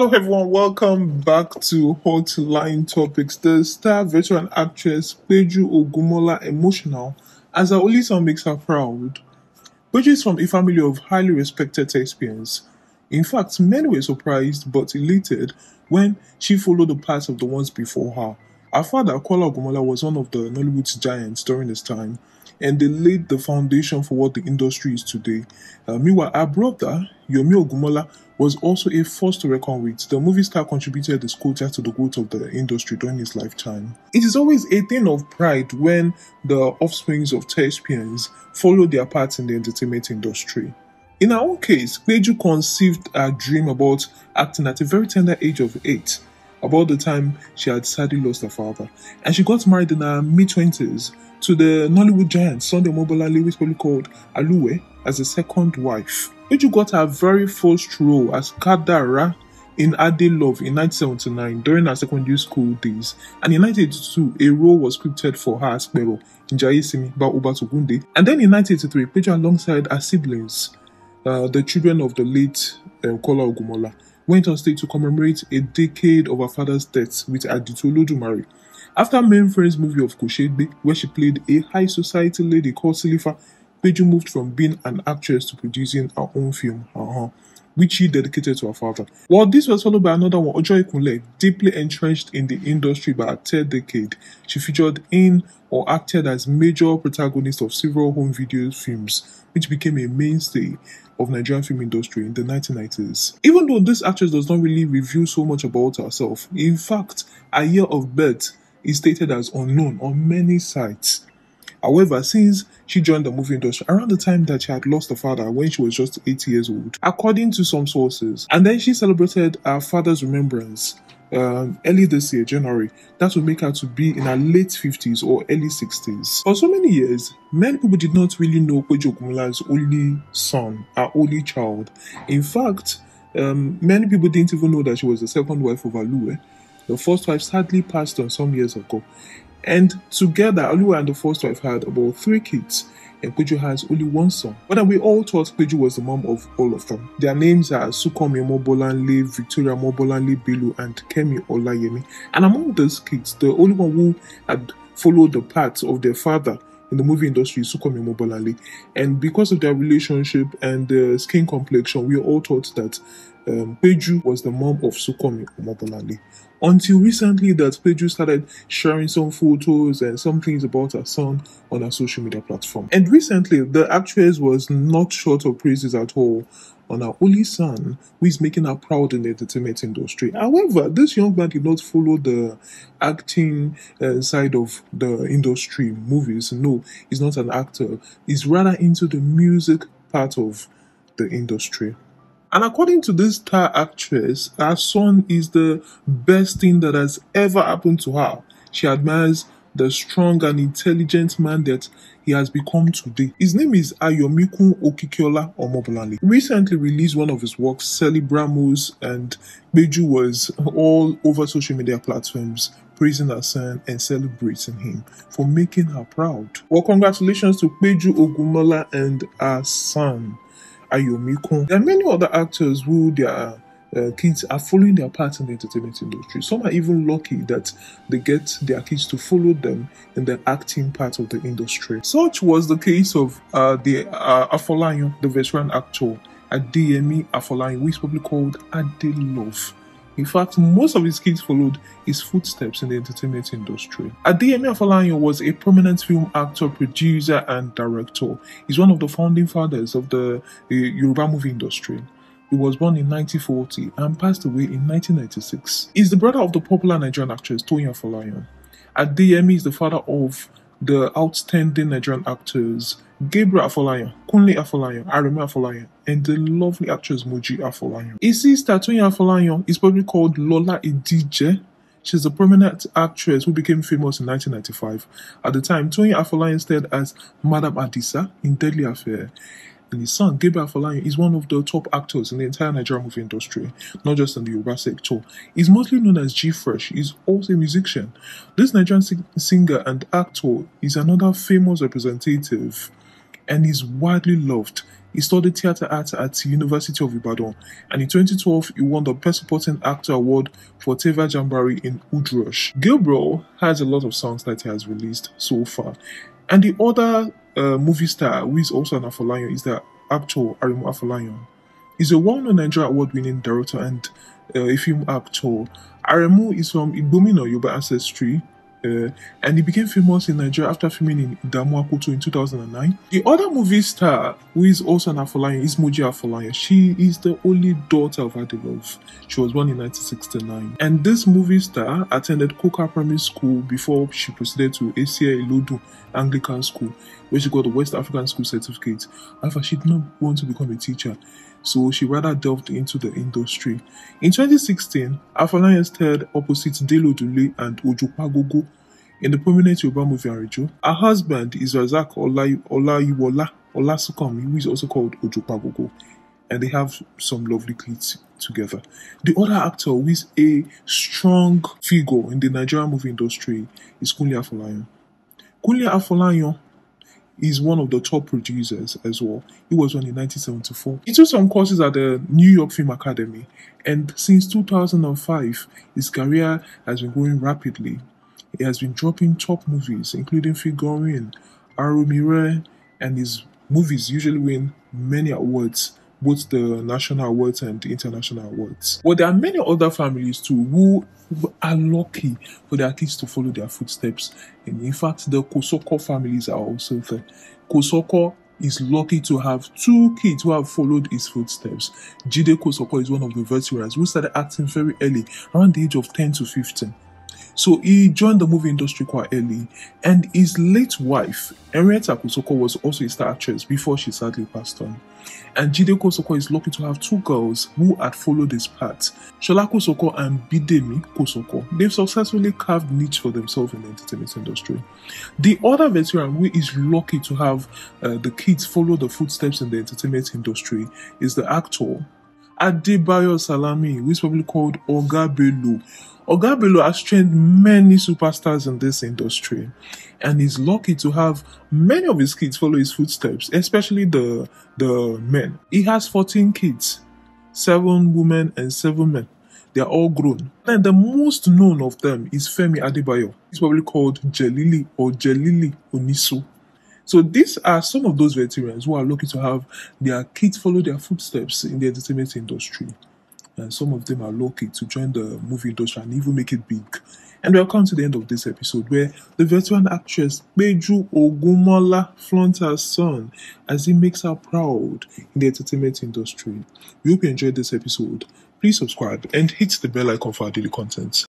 Hello, everyone. Welcome back to Hotline Topics. The star veteran actress Peju Ogumola emotional as her only son makes her proud. Peju is from a family of highly respected Shakespeareans. In fact, many were surprised but elated when she followed the path of the ones before her. Her father, Kola Ogumola, was one of the Nollywood giants during his time, and they laid the foundation for what the industry is today. Uh, meanwhile, her brother, Yomi Ogumola, was also a force to reckon with. The movie star contributed the sculpture to the growth of the industry during his lifetime. It is always a thing of pride when the offsprings of thespians follow their path in the entertainment industry. In our own case, Kleju conceived a dream about acting at a very tender age of 8, about the time she had sadly lost her father, and she got married in her mid 20s to the Nollywood giant Sunday Mobile, which probably called Aluwe, as a second wife. Uju got her very first role as Kadara in Ade Love in 1979 during her secondary school days, and in 1982, a role was scripted for her as Pero in Jayesimi by Ubatugunde, and then in 1983, Peju alongside her siblings, uh, the children of the late uh, Kola Ogumola, went on stage to commemorate a decade of her father's death with Adito Lodumare. After Mainframe's movie of Koshebe, where she played a high society lady called Silifa, Peju moved from being an actress to producing her own film, uh-huh, which she dedicated to her father. While this was followed by another one, Ojo Ikunle, deeply entrenched in the industry by her third decade, she featured in or acted as major protagonist of several home video films, which became a mainstay of Nigerian film industry in the 1990s. Even though this actress does not really reveal so much about herself, in fact, a year of birth is stated as unknown on many sites. However, since she joined the movie industry around the time that she had lost her father when she was just 8 years old, according to some sources. And then she celebrated her father's remembrance um, early this year, January, that would make her to be in her late 50s or early 60s. For so many years, many people did not really know Kojo Kumula's only son, her only child. In fact, um, many people didn't even know that she was the second wife of Alue. The first wife sadly passed on some years ago. And together, Oluwa and the first wife had about three kids, and Kweju has only one son. But we all thought Kweju was the mom of all of them. Their names are Sukomi Mobolanle, Victoria Mobolanle Bilu, and Kemi Olayemi. And among those kids, the only one who had followed the path of their father in the movie industry Sukomi Mobolanle. And because of their relationship and the skin complexion, we all thought that um, Peju was the mom of Sukomi Omobolade. Until recently, that Peju started sharing some photos and some things about her son on her social media platform. And recently, the actress was not short of praises at all on her only son, who is making her proud in the entertainment industry. However, this young man did not follow the acting uh, side of the industry, movies. No, he's not an actor. He's rather into the music part of the industry. And according to this star actress, her son is the best thing that has ever happened to her. She admires the strong and intelligent man that he has become today. His name is Ayomikun Okikiola Omobolale. Recently released one of his works, Celebramos, and Beju was all over social media platforms praising her son and celebrating him for making her proud. Well, congratulations to Peju Ogumola and her son. There are many other actors who their uh, kids are following their path in the entertainment industry. Some are even lucky that they get their kids to follow them in the acting part of the industry. Such was the case of uh, the uh, Afolayan, the veteran actor Adeyemi Afolayan, who is probably called Ade Love. In fact, most of his kids followed his footsteps in the entertainment industry. Adeyemi Afolayan was a prominent film actor, producer, and director. He's one of the founding fathers of the, the Yoruba movie industry. He was born in 1940 and passed away in 1996. He's the brother of the popular Nigerian actress Toyin Afolayan. Adeyemi is the father of the outstanding Nigerian actors Gabriel Afolayan, Kunle Afolayan, Aremu Afolayan, and the lovely actress Moji Afolayan. His sister Tony Afolayan is probably called Lola Idije. She's a prominent actress who became famous in 1995. At the time, Tony Afolayan starred as Madame Adisa in Deadly Affair. And his son, Gabriel Afolayan, is one of the top actors in the entire Nigerian movie industry, not just in the Yoruba sector. He's mostly known as G Fresh. He's also a musician. This Nigerian sing- singer and actor is another famous representative and is widely loved. He studied theater arts at the University of Ibadan, and in 2012 he won the Best Supporting Actor award for Teva Jambari in Udrush. Gilbro has a lot of songs that he has released so far, and the other uh, movie star who is also an Afolayan is the actor Arimu Afolayan. He's a well-known Nigerian award-winning director and uh, a film actor. Aremu is from Igbomina Yoruba ancestry uh, and he became famous in Nigeria after filming in Idamu Akutu in 2009. The other movie star, who is also an Afolayan, is Moji Afolayan. She is the only daughter of Adelov. She was born in 1969. And this movie star attended Koka Primary School before she proceeded to ACA Ilodu Anglican School, where she got the West African School certificate. However, she did not want to become a teacher so she rather delved into the industry. In 2016, Afolayan starred opposite Delo Dule and Ojo Pagogo in the prominent Yoruba movie Arijo. Her husband is Razak Olayiwola Olasukami, who is also called Ojo Pagogo, and they have some lovely kids together. The other actor who is a strong figure in the Nigerian movie industry is Kunle Afolayan. Kunle Afolayan He's one of the top producers as well. He was one in 1974. He took some courses at the New York Film Academy, and since 2005, his career has been growing rapidly. He has been dropping top movies, including Figurine, Arrow Mirror, and his movies usually win many awards both the national awards and the international awards. Well, there are many other families too who, who are lucky for their kids to follow their footsteps. And in fact, the Kosoko families are also there. Kosoko is lucky to have two kids who have followed his footsteps. Jide Kosoko is one of the veterans who started acting very early, around the age of 10 to 15. So he joined the movie industry quite early, and his late wife, Henrietta Kosoko, was also a star actress before she sadly passed on. And Jide Kosoko is lucky to have two girls who had followed his path, Shola Kosoko and Bidemi Kosoko. They've successfully carved niche for themselves in the entertainment industry. The other veteran who is lucky to have uh, the kids follow the footsteps in the entertainment industry is the actor Adebayo Salami, who is probably called Oga Bello. Oga Bello has trained many superstars in this industry and is lucky to have many of his kids follow his footsteps, especially the, the men. He has 14 kids, 7 women and 7 men. They are all grown. And the most known of them is Femi Adebayo. He's probably called Jelili or Jelili Oniso. So these are some of those veterans who are lucky to have their kids follow their footsteps in the entertainment industry. And some of them are lucky to join the movie industry and even make it big. And we'll come to the end of this episode where the veteran actress Beju Ogumola flaunts her son as he makes her proud in the entertainment industry. We hope you enjoyed this episode. Please subscribe and hit the bell icon for our daily content.